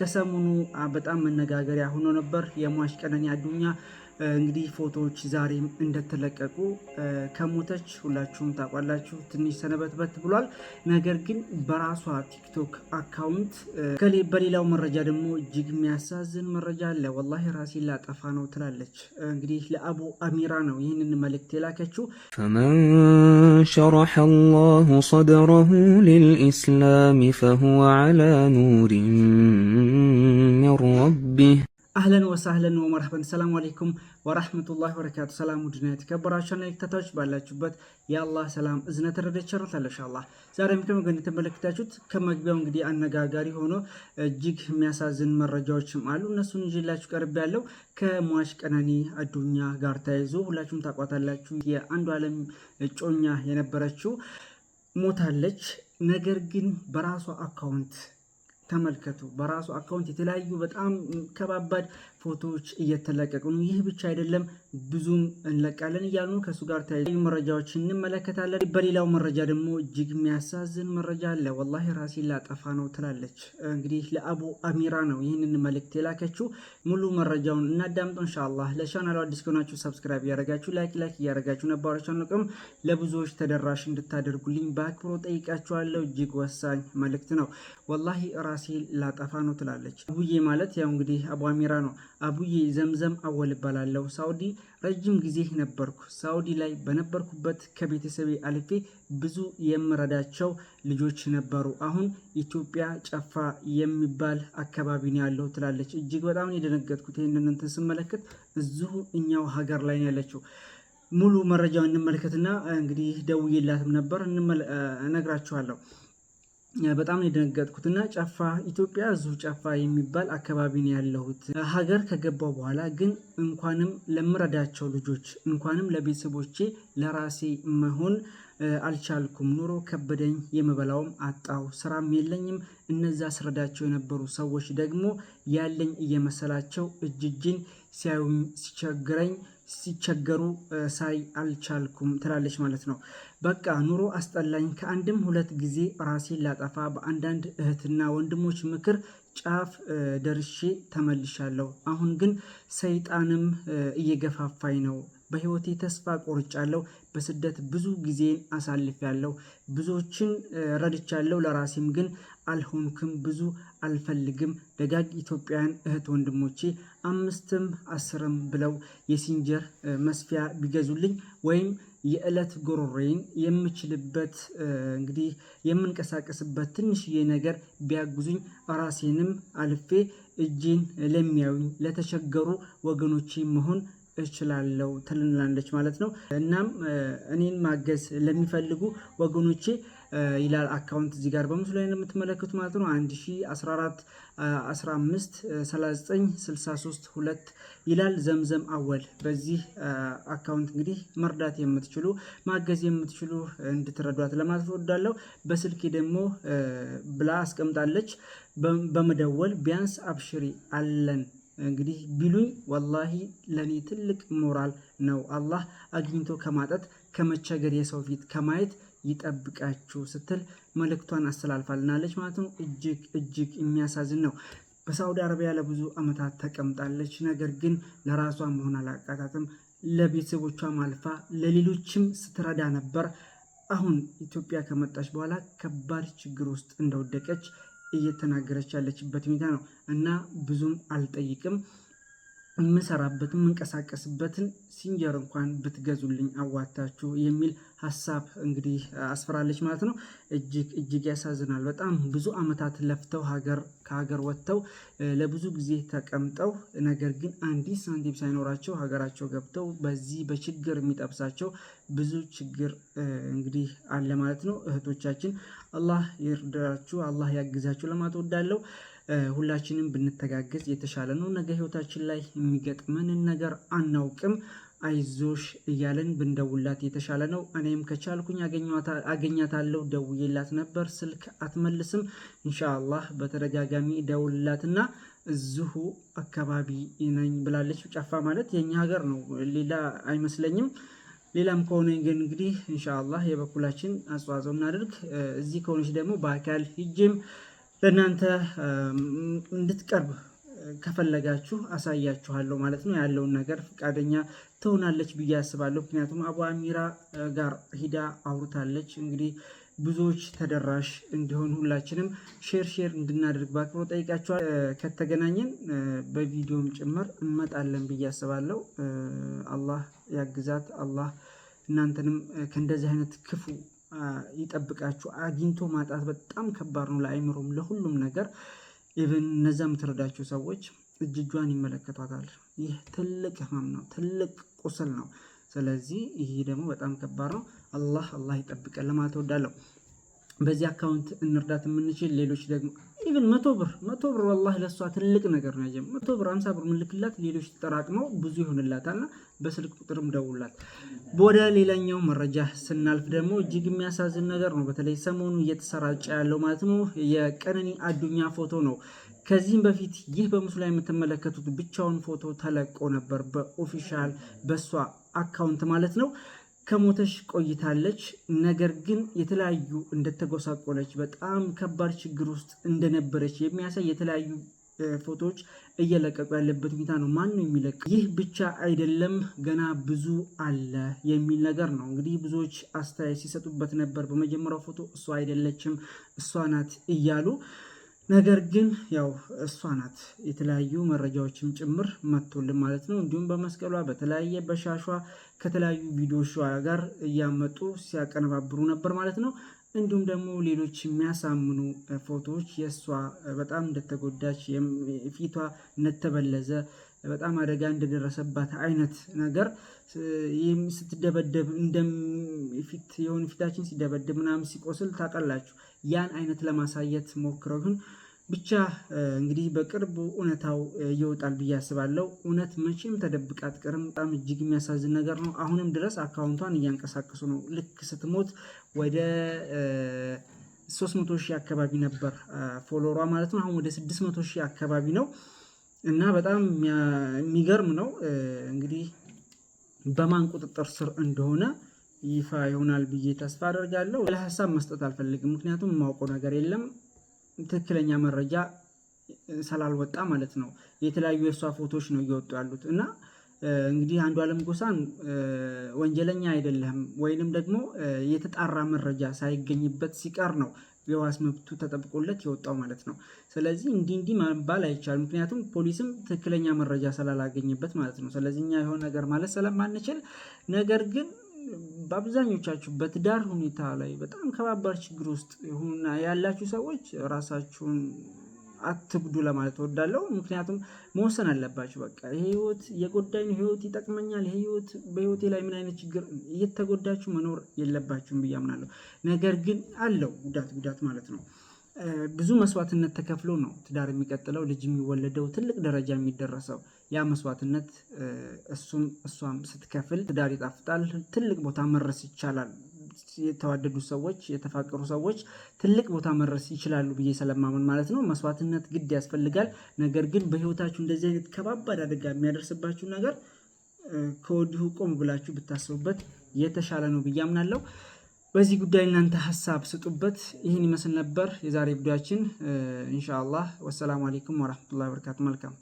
ከሰሞኑ በጣም መነጋገሪያ ሆኖ ነበር። የሟች ቀነኒ አዱኛ እንግዲህ ፎቶዎች ዛሬም እንደተለቀቁ ከሞተች ሁላችሁም ታቋላችሁ ትንሽ ሰነበትበት ብሏል። ነገር ግን በራሷ ቲክቶክ አካውንት በሌላው መረጃ ደግሞ እጅግ የሚያሳዝን መረጃ አለ። ወላሂ ራሴን ላጠፋ ነው ትላለች። እንግዲህ ለአቡ አሚራ ነው ይህንን መልእክት የላከችው። ፈመን ሸረሐ አላሁ ሰድረሁ ሊልኢስላሚ ፈሁወ ዐላ ኑሪን ሚን ረቢህ አህለን ወሳህለን ወመርሐበን ሰላም አለይኩም ወራህመቱላሂ ወበረካቱ። ሰላም ውድና የተከበራችሁና ተከታታዮች ባላችሁበት የአላህ ሰላም እዝነት ተረደች ቸርታለሽ ዛሬም ከም የተመለከታችሁት ከመግቢያው እንግዲህ አነጋጋሪ ሆኖ እጅግ የሚያሳዝን መረጃዎችም አሉ። እነሱን ይዤላችሁ ቀርብ ያለው ከሟች ቀነኒ አዱኛ ጋር ተያይዞ ሁላችሁም ታቋታላችሁ። የአንዱ ዓለም እጮኛ የነበረችው ሞታለች። ነገር ግን በራሷ አካውንት ተመልከቱ። በራሱ አካውንት የተለያዩ በጣም ከባባድ ፎቶዎች እየተለቀቁ ነው። ይህ ብቻ አይደለም። ብዙም እንለቃለን እያሉ ከእሱ ጋር ተያዩ መረጃዎች እንመለከታለን። በሌላው መረጃ ደግሞ እጅግ የሚያሳዝን መረጃ አለ። ወላሂ ራሴን ላጠፋ ነው ትላለች። እንግዲህ ለአቡ አሚራ ነው ይህንን መልእክት የላከችው። ሙሉ መረጃውን እናዳምጡ እንሻላ። ለቻናሉ አዲስ ከሆናችሁ ሰብስክራይብ እያደረጋችሁ ላይክ ላይክ እያደረጋችሁ ነባሮች አንቅም ለብዙዎች ተደራሽ እንድታደርጉልኝ በአክብሮ ጠይቃችኋለሁ። እጅግ ወሳኝ መልእክት ነው። ወላሂ ራሴ ላጠፋ ነው ትላለች። አቡዬ ማለት ያው እንግዲህ አቡ አሚራ ነው። አቡዬ ዘምዘም አወል እባላለሁ ሳውዲ ረጅም ጊዜ ነበርኩ። ሳውዲ ላይ በነበርኩበት ከቤተሰቤ አልፌ ብዙ የምረዳቸው ልጆች ነበሩ። አሁን ኢትዮጵያ ጨፋ የሚባል አካባቢ ነው ያለው ትላለች። እጅግ በጣም የደነገጥኩት ይህንን ስመለከት እዚሁ እኛው ሀገር ላይ ነው ያለችው። ሙሉ መረጃው እንመልከትና እንግዲህ ደውዬላትም ነበር፣ እነግራችኋለሁ። በጣም የደነገጥኩት እና ጨፋ ኢትዮጵያ እዙ ጨፋ የሚባል አካባቢ ነው ያለሁት። ሀገር ከገባው በኋላ ግን እንኳንም ለምረዳቸው ልጆች እንኳንም ለቤተሰቦቼ ለራሴ መሆን አልቻልኩም። ኑሮ ከበደኝ፣ የምበላውም አጣው፣ ስራም የለኝም። እነዛ ስረዳቸው የነበሩ ሰዎች ደግሞ ያለኝ እየመሰላቸው እጅጅን ሲያዩኝ ሲቸግረኝ ሲቸገሩ ሳይ አልቻልኩም ትላለች ማለት ነው። በቃ ኑሮ አስጠላኝ። ከአንድም ሁለት ጊዜ ራሴን ላጠፋ በአንዳንድ እህትና ወንድሞች ምክር ጫፍ ደርሼ ተመልሻለሁ። አሁን ግን ሰይጣንም እየገፋፋኝ ነው። በህይወቴ ተስፋ ቆርጫለሁ። በስደት ብዙ ጊዜን አሳልፌያለሁ። ብዙዎችን ረድቻለሁ። ለራሴም ግን አልሆንክም፣ ብዙ አልፈልግም። ደጋግ ኢትዮጵያውያን እህት ወንድሞቼ አምስትም አስርም ብለው የሲንጀር መስፊያ ቢገዙልኝ ወይም የዕለት ጎሮሬን የምችልበት እንግዲህ የምንቀሳቀስበት ትንሽዬ ነገር ቢያግዙኝ ራሴንም አልፌ እጄን ለሚያዩኝ ለተቸገሩ ወገኖቼ መሆን እችላለሁ ትልንላለች ማለት ነው። እናም እኔን ማገዝ ለሚፈልጉ ወገኖቼ ይላል አካውንት እዚህ ጋር በምስሉ ላይ እንደምትመለከቱ ማለት ነው 1014 15 39 63 2 ይላል ዘምዘም አወል። በዚህ አካውንት እንግዲህ መርዳት የምትችሉ ማገዝ የምትችሉ እንድትረዷት ለማለት ወዳለው በስልኬ ደግሞ ብላ አስቀምጣለች። በመደወል ቢያንስ አብሽሪ አለን እንግዲህ ቢሉኝ ወላሂ ለእኔ ትልቅ ሞራል ነው። አላህ አግኝቶ ከማጠት ከመቸገር የሰው ፊት ከማየት ይጠብቃችሁ ስትል መልእክቷን አስተላልፋልናለች ማለት ነው። እጅግ እጅግ የሚያሳዝን ነው። በሳዑዲ አረቢያ ለብዙ ዓመታት ተቀምጣለች። ነገር ግን ለራሷ መሆን አላቃታትም። ለቤተሰቦቿም አልፋ ለሌሎችም ስትረዳ ነበር። አሁን ኢትዮጵያ ከመጣች በኋላ ከባድ ችግር ውስጥ እንደወደቀች እየተናገረች ያለችበት ሁኔታ ነው እና ብዙም አልጠይቅም የምሰራበት የምንቀሳቀስበትን ሲንጀር እንኳን ብትገዙልኝ አዋታችሁ የሚል ሀሳብ እንግዲህ አስፈራለች ማለት ነው። እጅግ እጅግ ያሳዝናል። በጣም ብዙ ዓመታት ለፍተው ሀገር ከሀገር ወጥተው ለብዙ ጊዜ ተቀምጠው ነገር ግን አንዲት ሳንቲም ሳይኖራቸው ሀገራቸው ገብተው በዚህ በችግር የሚጠብሳቸው ብዙ ችግር እንግዲህ አለ ማለት ነው። እህቶቻችን አላህ ይርዳችሁ፣ አላህ ያግዛችሁ ለማለት እወዳለሁ። ሁላችንም ብንተጋገዝ የተሻለ ነው። ነገ ህይወታችን ላይ የሚገጥመንን ነገር አናውቅም። አይዞሽ እያለን ብንደውላት የተሻለ ነው። እኔም ከቻልኩኝ አገኛታለሁ። ደውዬላት ነበር፣ ስልክ አትመልስም። ኢንሻአላህ በተደጋጋሚ ደውልላትና እዚሁ አካባቢ ነኝ ብላለች። ጫፋ ማለት የኛ ሀገር ነው፣ ሌላ አይመስለኝም። ሌላም ከሆነ ግን እንግዲህ ኢንሻአላህ የበኩላችን አስተዋጽኦ እናድርግ። እዚህ ከሆነች ደግሞ በአካል ሂጅም ለእናንተ እንድትቀርብ ከፈለጋችሁ አሳያችኋለሁ ማለት ነው። ያለውን ነገር ፈቃደኛ ትሆናለች ብዬ አስባለሁ። ምክንያቱም አቡ አሚራ ጋር ሂዳ አውርታለች። እንግዲህ ብዙዎች ተደራሽ እንዲሆን ሁላችንም ሼር ሼር እንድናደርግ በአክብሮ ጠይቃችኋል። ከተገናኘን በቪዲዮም ጭምር እንመጣለን ብዬ አስባለሁ። አላህ ያግዛት። አላህ እናንተንም ከእንደዚህ አይነት ክፉ ይጠብቃችሁ። አግኝቶ ማጣት በጣም ከባድ ነው፣ ለአይምሮም ለሁሉም ነገር። ኢቨን እነዛ የምትረዳቸው ሰዎች እጅጇን ይመለከቷታል። ይህ ትልቅ ህመም ነው፣ ትልቅ ቁስል ነው። ስለዚህ ይህ ደግሞ በጣም ከባድ ነው። አላህ አላህ ይጠብቀን ለማለት እወዳለሁ። በዚህ አካውንት እንርዳት የምንችል ሌሎች ደግሞ ኢቨን መቶ ብር መቶ ብር ወላሂ ለእሷ ትልቅ ነገር ነው። ያጀ መቶ ብር አምሳ ብር ምልክላት ሌሎች ተጠራቅመው ብዙ ይሆንላታልና በስልክ ቁጥርም ደውላት። ወደ ሌላኛው መረጃ ስናልፍ ደግሞ እጅግ የሚያሳዝን ነገር ነው። በተለይ ሰሞኑ እየተሰራጨ ያለው ማለት ነው የቀነኒ አዱኛ ፎቶ ነው። ከዚህም በፊት ይህ በምስሉ ላይ የምትመለከቱት ብቻውን ፎቶ ተለቆ ነበር በኦፊሻል በእሷ አካውንት ማለት ነው። ከሞተች ቆይታለች። ነገር ግን የተለያዩ እንደተጎሳቆለች በጣም ከባድ ችግር ውስጥ እንደነበረች የሚያሳይ የተለያዩ ፎቶዎች እየለቀቁ ያለበት ሁኔታ ነው። ማን ነው የሚለቅ? ይህ ብቻ አይደለም፣ ገና ብዙ አለ የሚል ነገር ነው። እንግዲህ ብዙዎች አስተያየት ሲሰጡበት ነበር። በመጀመሪያው ፎቶ እሷ አይደለችም፣ እሷ ናት እያሉ ነገር ግን ያው እሷ ናት የተለያዩ መረጃዎችም ጭምር መጥቶልን ማለት ነው። እንዲሁም በመስቀሏ በተለያየ በሻሿ ከተለያዩ ቪዲዮ ጋር እያመጡ ሲያቀነባብሩ ነበር ማለት ነው። እንዲሁም ደግሞ ሌሎች የሚያሳምኑ ፎቶዎች የእሷ በጣም እንደተጎዳች ፊቷ እንደተበለዘ በጣም አደጋ እንደደረሰባት አይነት ነገር ስትደበደብ እንደፊት የሆን ፊታችን ሲደበደብ ምናምን ሲቆስል ታውቃላችሁ። ያን አይነት ለማሳየት ሞክረው ግን ብቻ እንግዲህ በቅርብ እውነታው ይወጣል ብዬ አስባለሁ። እውነት መቼም ተደብቃ አትቀርም። በጣም እጅግ የሚያሳዝን ነገር ነው። አሁንም ድረስ አካውንቷን እያንቀሳቀሱ ነው። ልክ ስትሞት ወደ 300 ሺህ አካባቢ ነበር ፎሎሯ ማለት ነው። አሁን ወደ 600 ሺህ አካባቢ ነው። እና በጣም የሚገርም ነው እንግዲህ በማን ቁጥጥር ስር እንደሆነ ይፋ ይሆናል ብዬ ተስፋ አደርጋለሁ። ሌላ ሀሳብ መስጠት አልፈልግም፣ ምክንያቱም የማውቀው ነገር የለም ትክክለኛ መረጃ ስላልወጣ ማለት ነው። የተለያዩ የእሷ ፎቶዎች ነው እየወጡ ያሉት እና እንግዲህ አንዷለም ጎሳን ወንጀለኛ አይደለም ወይንም ደግሞ የተጣራ መረጃ ሳይገኝበት ሲቀር ነው የዋስ መብቱ ተጠብቆለት የወጣው ማለት ነው። ስለዚህ እንዲህ እንዲህ መባል አይቻልም። ምክንያቱም ፖሊስም ትክክለኛ መረጃ ስላላገኝበት ማለት ነው። ስለዚህ እኛ የሆነ ነገር ማለት ስለማንችል ነገር ግን በአብዛኞቻችሁ በትዳር ሁኔታ ላይ በጣም ከባባድ ችግር ውስጥ ያላችሁ ሰዎች ራሳችሁን አትጉዱ ለማለት እወዳለሁ። ምክንያቱም መወሰን አለባችሁ። በቃ ይሄ ህይወት የጎዳኝ ህይወት ይጠቅመኛል፣ ይሄ ህይወት በህይወቴ ላይ ምን አይነት ችግር እየተጎዳችሁ መኖር የለባችሁም ብዬ አምናለሁ። ነገር ግን አለው ጉዳት ጉዳት ማለት ነው። ብዙ መስዋዕትነት ተከፍሎ ነው ትዳር የሚቀጥለው ልጅ የሚወለደው ትልቅ ደረጃ የሚደረሰው። ያ መስዋዕትነት እሱም እሷም ስትከፍል ትዳር ይጣፍጣል፣ ትልቅ ቦታ መድረስ ይቻላል። የተዋደዱ ሰዎች፣ የተፋቀሩ ሰዎች ትልቅ ቦታ መድረስ ይችላሉ ብዬ ስለማመን ማለት ነው። መስዋዕትነት ግድ ያስፈልጋል። ነገር ግን በህይወታችሁ እንደዚህ አይነት ከባባድ አደጋ የሚያደርስባችሁ ነገር ከወዲሁ ቆም ብላችሁ ብታስቡበት የተሻለ ነው ብዬ አምናለሁ። በዚህ ጉዳይ እናንተ ሀሳብ ስጡበት። ይህን ይመስል ነበር የዛሬ ጉዳያችን። አላህ ወሰላሙ አሌይኩም ወራህመቱላሂ ወበረካቱ። መልካም